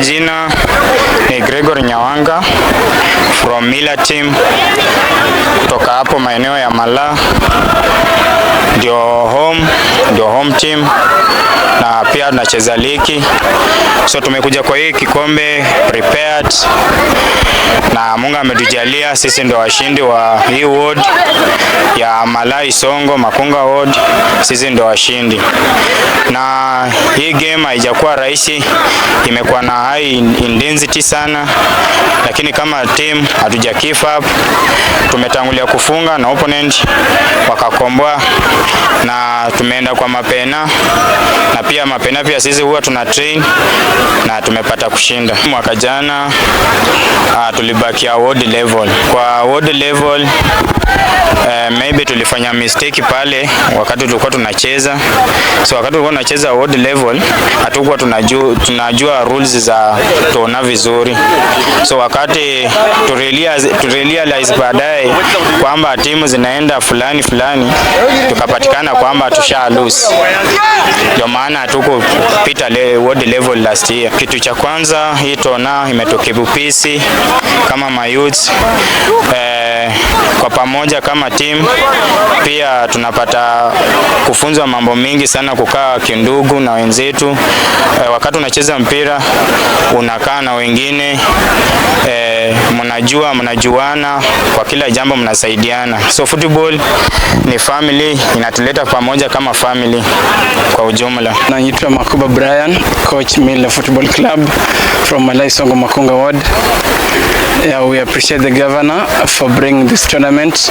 majina ni Gregory Nyawanga from Mila team kutoka hapo maeneo ya mala ndio home home team na pia tunacheza ligi, so tumekuja kwa hii kikombe prepared, na Mungu ametujalia sisi ndio washindi wa hii ward ya Malai Songo Makunga ward, Sisi ndio washindi, na hii game haijakuwa rahisi, imekuwa na high intensity sana, lakini kama team hatuja give up, tumetangulia kufunga na opponent wakakomboa na tumeenda kwa mapena na pia mapena pia sisi huwa tuna train na tumepata kushinda. Mwaka jana uh, tulibakia world level. Kwa world level Uh, maybe tulifanya mistake pale wakati tulikuwa tunacheza. So wakati tulikuwa tunacheza world level hatukuwa tunajua, tunajua rules za tuona vizuri. So wakati turealize baadaye kwamba timu zinaenda fulani fulani, tukapatikana kwamba tusha lose ndio maana hatuko pita le, world level last year. Kitu cha kwanza hii tona Bupisi kama mayouth eh, kwa pamoja kama team. Pia tunapata kufunzwa mambo mingi sana, kukaa kindugu na wenzetu eh, wakati unacheza mpira unakaa na wengine eh, mnajua mnajuana kwa kila jambo mnasaidiana. So football ni family, inatuleta pamoja kama family kwa ujumla. Naitwa Makuba Brian, coach Mila Football Club from Malai Songo Makunga ward. Yeah, we appreciate the governor for bringing this tournament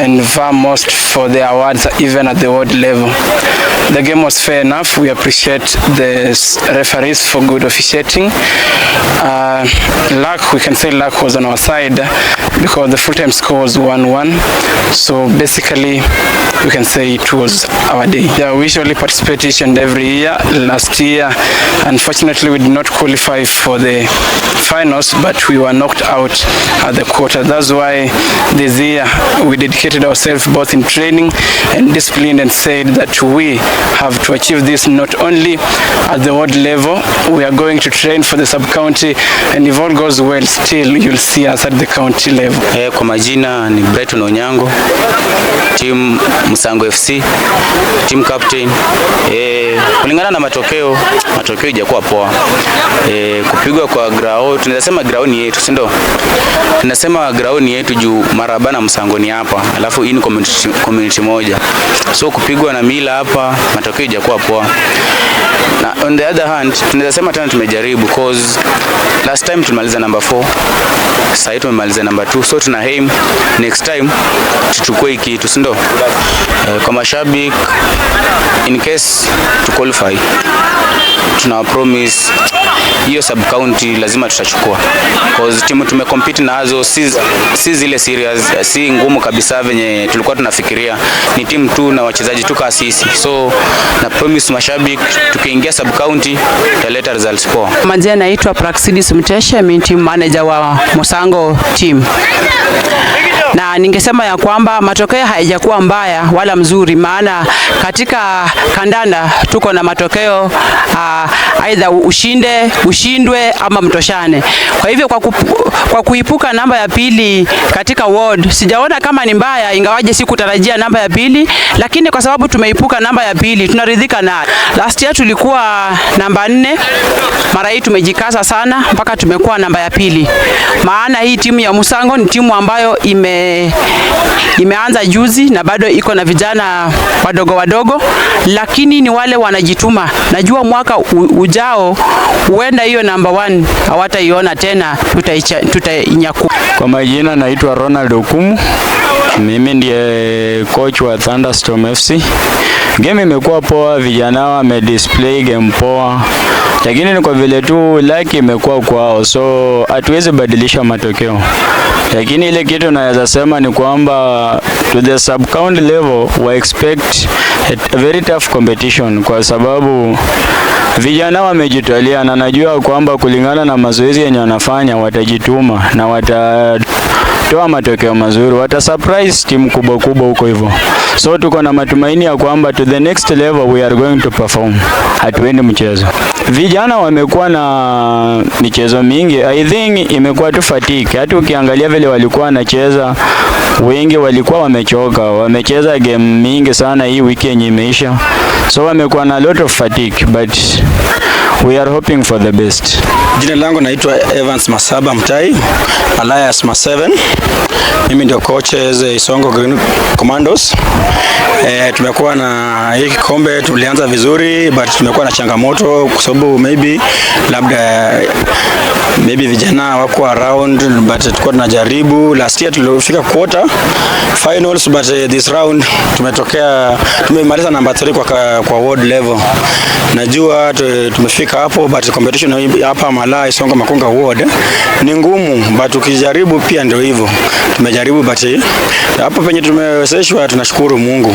and far most for the awards even at the world level. The game was fair enough. We appreciate the referees for good officiating. Uh, luck, we can say luck lack was on because the full time score was 1-1 so basically we can say it was our day yeah, we usually participate each and every year last year unfortunately we did not qualify for the finals but we were knocked out at the quarter that's why this year we dedicated ourselves both in training and discipline and said that we have to achieve this not only at the world level we are going to train for the sub county and if all goes well still you'll see us at the county level Eh, kwa majina ni Brighton Onyango, timu Msango FC, team captain. eh, kulingana na matokeo, matokeo ijakuwa poa e, kupigwa kwa grao, tunasema grao ni yetu, si ndio? Tunasema grao ni yetu juu Maraba na Msango ni hapa, alafu hii ni community, community moja, so kupigwa na Mila hapa, matokeo ijakuwa poa. Na on the other hand, tunasema tena tumejaribu cause last time tulimaliza number 4, sasa tumemaliza number 2, so tuna aim next time tuchukue kitu, si ndio? E, kwa mashabiki in case to qualify, tuna promise hiyo sub county lazima tutachukua, cause timu compete nazo si, si zile serious, si ngumu kabisa venye tulikuwa tunafikiria. Ni timu tu na wachezaji tu kama sisi, so na promise mashabiki, tukiingia sub county tutaleta results poa. Majina naitwa Praxidis Mteshe, mimi team manager wa Musango team ningesema ya kwamba matokeo hayajakuwa mbaya wala mzuri, maana katika kandanda tuko na matokeo uh, ah, aidha ushinde, ushindwe ama mtoshane. Kwa hivyo kwa, kupu, kwa kuipuka namba ya pili katika ward sijaona kama ni mbaya, ingawaje sikutarajia namba ya pili, lakini kwa sababu tumeipuka namba ya pili tunaridhika nayo. Last year tulikuwa namba nne mara hii tumejikaza sana mpaka tumekuwa namba ya pili, maana hii timu ya Musango ni timu ambayo ime, imeanza juzi na bado iko na vijana wadogo wadogo, lakini ni wale wanajituma. Najua mwaka ujao huenda hiyo namba one hawataiona tena, tutainyakua. Tuta kwa majina naitwa Ronald Okumu, mimi ndiye coach wa Thunderstorm FC. Game imekuwa poa, vijana display game poa lakini ni kwa vile tu laki imekuwa kwao, so hatuwezi badilisha matokeo, lakini ile kitu naweza sema ni kwamba to the sub county level we expect a very tough competition kwa sababu vijana wamejitolea na najua kwamba kulingana na mazoezi yenye wanafanya watajituma na watatoa matokeo mazuri, watasurprise timu kubwa kubwa huko hivyo. So tuko na matumaini ya kwamba to the next level we are going to perform. Hatuendi mchezo. Vijana wamekuwa na michezo mingi. I think imekuwa tu fatigue. Hata ukiangalia vile walikuwa wanacheza, wengi walikuwa wamechoka. Wamecheza game mingi sana hii wiki yenye imeisha. So wamekuwa na lot of fatigue but We are hoping for the best. Jina langu naitwa Evans Masaba Mtai, alias Ma7. Mimi ndio coach wa Isongo Green Commandos. E, tumekuwa na hii kikombe tulianza vizuri but tumekuwa na changamoto kwa sababu maybe labda maybe vijana wako around but tulikuwa tunajaribu. Last year tulifika quarter finals but eh, this round tumetokea tumemaliza number 3 kwa, kwa world level. Najua tumefika kufika hapo, but competition hapa Malai Songa Makunga ward ni ngumu, but ukijaribu pia ndio hivyo. Tumejaribu but hapo penye tumewezeshwa, tunashukuru Mungu.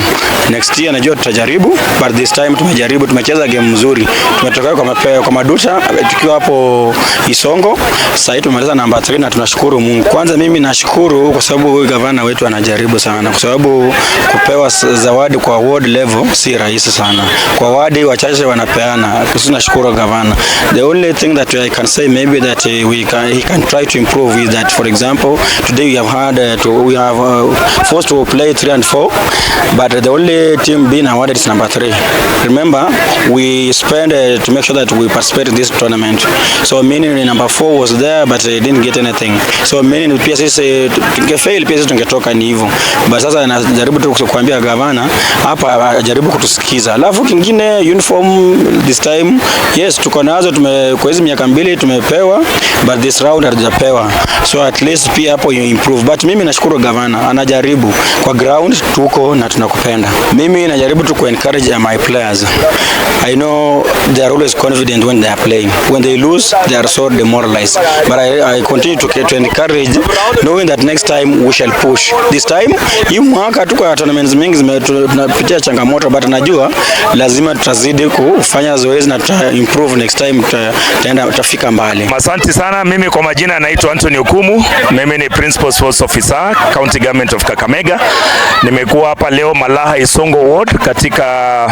Next year najua tutajaribu, but this time tumejaribu, tumecheza game nzuri, tumetoka kwa mapeo kwa madusha tukiwa hapo Isongo. Sasa hivi tumemaliza namba 3 na tunashukuru Mungu. Kwanza mimi nashukuru kwa sababu huyu gavana wetu anajaribu sana, kwa sababu kupewa zawadi kwa ward level si rahisi sana, kwa wadi wachache wanapeana. Kusina shukuru governor. The only thing that I can say maybe that uh, we can, he can try to improve is that, for example, today we have had uh, to, we have uh, forced to play three and four, but the only team being awarded is number three. Remember, we spent uh, to make sure that we participate in this tournament. So meaning number four was there, but uh, didn't get anything. So meaning the pia sisi uh, tungefail, pia sisi tungetoka, ni hivyo. But sasa najaribu tu kukuambia gavana hapa ajaribu uh, kutusikiza. Alafu kingine uniform this time, yes, Yes, tuko nazo tume, kwa hizo miaka mbili tumepewa, but this round hatujapewa, so at least pia hapo you improve. But mimi nashukuru gavana anajaribu kwa ground, tuko na tunakupenda. Mimi najaribu tu encourage my players. I know they are always confident when they are playing. When they lose, they are so demoralized. But I, I continue to, to encourage knowing that next time we shall push. This time, hii mwaka tuko na tournaments mingi zimetupitia changamoto, but najua lazima tutazidi kufanya zoezi na tuta improve improve next time tutaenda tutafika mbali. Asante sana. Mimi kwa majina naitwa Anthony Okumu. Mimi ni principal sports officer county government of Kakamega. Nimekuwa hapa leo Malaha Isongo ward katika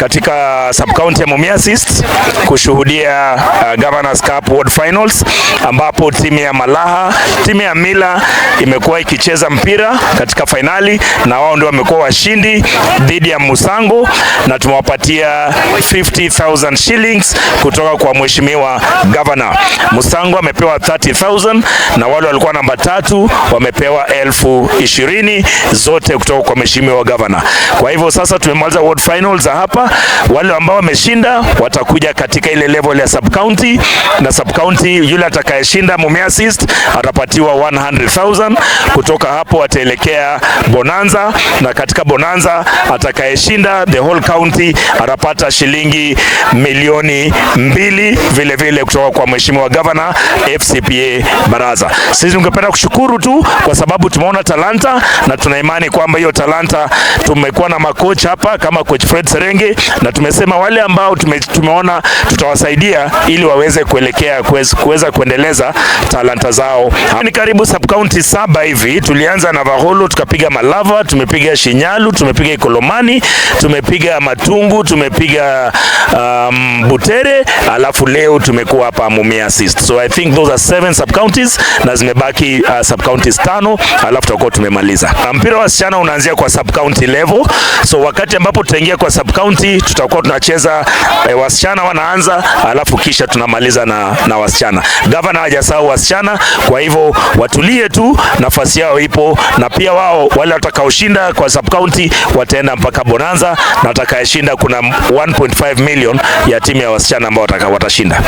katika sub county ya Mumias East kushuhudia uh, Governors Cup World Finals ambapo timu ya Malaha, timu ya Mila imekuwa ikicheza mpira katika finali na wao ndio wamekuwa washindi dhidi ya Musango na tumewapatia 50000 shilling grants kutoka kwa mheshimiwa gavana. Musango amepewa 30000 na wale walikuwa namba tatu wamepewa elfu ishirini zote kutoka kwa mheshimiwa gavana. Kwa hivyo sasa tumemaliza ward finals hapa. Wale ambao wameshinda watakuja katika ile level ya sub county, na sub county yule atakayeshinda mume assist atapatiwa 100000 kutoka hapo ataelekea Bonanza, na katika Bonanza atakayeshinda the whole county atapata shilingi milioni leseni mbili vile vile kutoka kwa mheshimiwa gavana FCPA Baraza. Sisi tungependa kushukuru tu kwa sababu tumeona talanta na tuna imani kwamba hiyo talanta, tumekuwa na makocha hapa kama coach Fred Serenge, na tumesema wale ambao tume, tumeona tutawasaidia ili waweze kuelekea kuweza kuendeleza talanta zao. Ni karibu sub county saba hivi, tulianza na Vaholo, tukapiga Malava, tumepiga Shinyalu, tumepiga Ikolomani, tumepiga Matungu, tumepiga um, Butere, alafu leo tumekuwa hapa Mumia East. So I think those are seven sub counties na zimebaki uh, sub counties tano, alafu tutakuwa tumemaliza. Mpira wa wasichana unaanzia kwa sub county level. So wakati ambapo tutaingia kwa sub county tutakuwa tunacheza eh, wasichana wanaanza, alafu kisha tunamaliza na, na wasichana. Governor hajasahau wasichana, kwa hivyo watulie tu, nafasi yao ipo, na pia wao wale watakaoshinda kwa sub county wataenda mpaka Bonanza na watakayeshinda kuna 1.5 million ya timu ya wasichana ambao watashinda?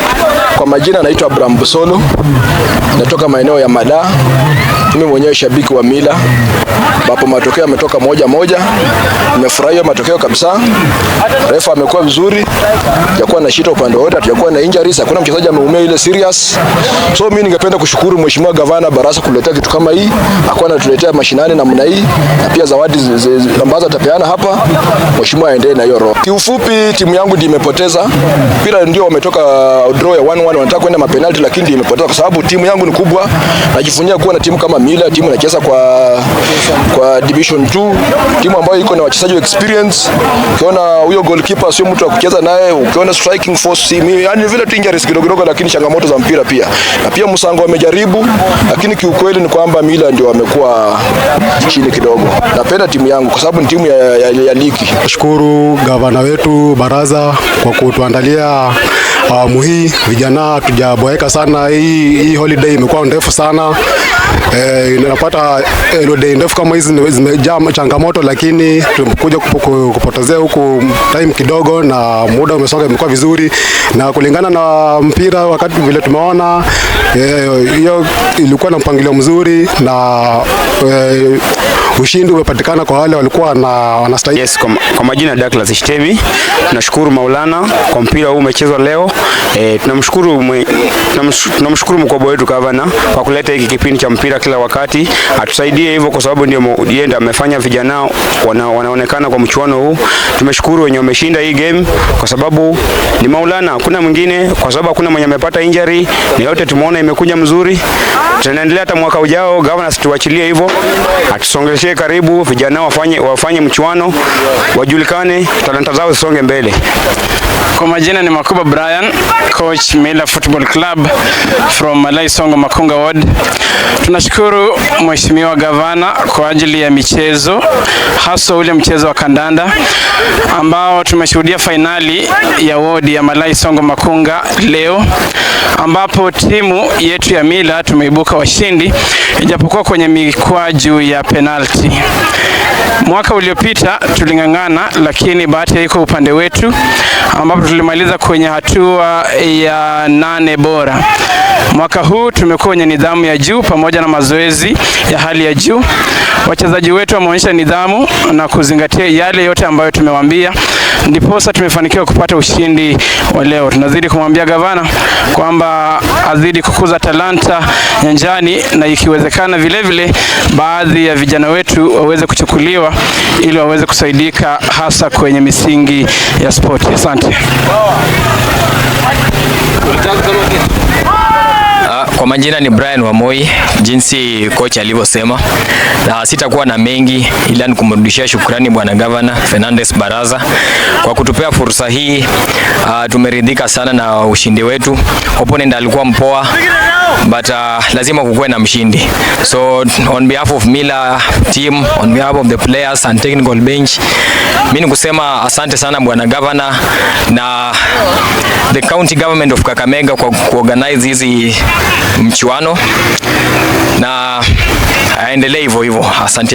Kwa majina naitwa Abraham Busolo, natoka maeneo ya Mada. Mimi mwenyewe shabiki wa Mila, ambapo matokeo yametoka moja moja. Nimefurahia matokeo kabisa, refa amekuwa vizuri, hajakuwa na shida upande wote, hatujakuwa na injuries, hakuna mchezaji ameumia ile serious. So mimi ningependa kushukuru mheshimiwa gavana Barasa kuletea kitu kama hii, akuwa anatuletea mashinani namna hii na pia zawadi ambazo atapeana hapa, mheshimiwa aendelee na hiyo roho. Kiufupi timu yangu ndio imepoteza mpira ndio wametoka uh, draw ya 1-1 wanataka kwenda mapenalti, lakini ndio imepotea kwa sababu timu yangu ni kubwa. Najifunia kuwa na timu kama Mila, timu inacheza kwa, kwa division 2, timu ambayo iko na wachezaji experience. Ukiona huyo goalkeeper sio mtu wa kucheza naye, ukiona striking force, si mimi, yani vile tu injuries kidogo kidogo, lakini changamoto za mpira pia na pia Musango wamejaribu, lakini kiukweli ni kwamba Mila ndio wamekuwa chini kidogo. Napenda timu yangu kwa sababu ni timu ya, ya, ya, ya ligi. Nashukuru gavana wetu baraza kwa kutuandalia kuanzia awamu ah, um, hii vijana tujaboeka sana. Hii, hii holiday imekuwa ndefu sana e, eh, napata e, eh, holiday ndefu kama hizi zimejaa changamoto, lakini tumekuja kupotezea huku time kidogo na muda umesonga, imekuwa vizuri na kulingana na mpira wakati vile tumeona eh, hiyo e, ilikuwa na mpangilio mzuri na e, ushindi umepatikana kwa wale walikuwa na wanastahili. Yes, kwa, kwa majina Douglas Shtemi. Tunashukuru Maulana kwa mpira huu umechezwa leo. E, tunamshukuru tunamshukuru mkubwa wetu Gavana kwa kuleta hiki kipindi cha mpira kila wakati, atusaidie hivyo kwa sababu ndio yeye amefanya vijana wana, wanaonekana kwa mchuano huu. Tumeshukuru wenye wameshinda hii game kwa sababu ni Maulana, kuna mwingine kwa sababu hakuna mwenye amepata injury, ni yote tumeona imekuja mzuri. Tunaendelea hata mwaka ujao, gavana situachilie hivyo, atusongeshe karibu, vijana wafanye, wafanye mchuano, wajulikane, talanta zao zisonge mbele. Kwa majina ni Makuba Brian, coach Mila Football Club from Malai Songo Makunga Ward. Tunashukuru Mheshimiwa Gavana kwa ajili ya michezo hasa ule mchezo wa kandanda ambao tumeshuhudia fainali ya wodi ya Malai Songo Makunga leo ambapo timu yetu ya Mila tumeibuka kuibuka washindi ijapokuwa kwenye mikwaju ya penalti. Mwaka uliopita tuling'ang'ana, lakini bahati haiko upande wetu, ambapo tulimaliza kwenye hatua ya nane bora. Mwaka huu tumekuwa kwenye nidhamu ya juu pamoja na mazoezi ya hali ya juu. Wachezaji wetu wameonyesha nidhamu na kuzingatia yale yote ambayo tumewaambia ndiposa tumefanikiwa kupata ushindi wa leo. Tunazidi kumwambia gavana kwamba azidi kukuza talanta nyanjani na ikiwezekana vilevile baadhi ya vijana wetu waweze kuchukuliwa ili waweze kusaidika hasa kwenye misingi ya spoti. Asante. Kwa majina ni Brian Wamoi, jinsi kocha alivyosema, na sitakuwa na mengi ila ni kumrudishia shukrani bwana gavana Fernandez Baraza kwa kutupea fursa hii. Uh, tumeridhika sana na ushindi wetu. Opponent alikuwa mpoa but uh, lazima kukuwe na mshindi. So on behalf of Mila team, on behalf of the players and technical bench, mimi ni kusema asante sana bwana gavana na the county government of Kakamega kwa kuorganize hizi mchuano na aendelee hivyo hivyo. Asante.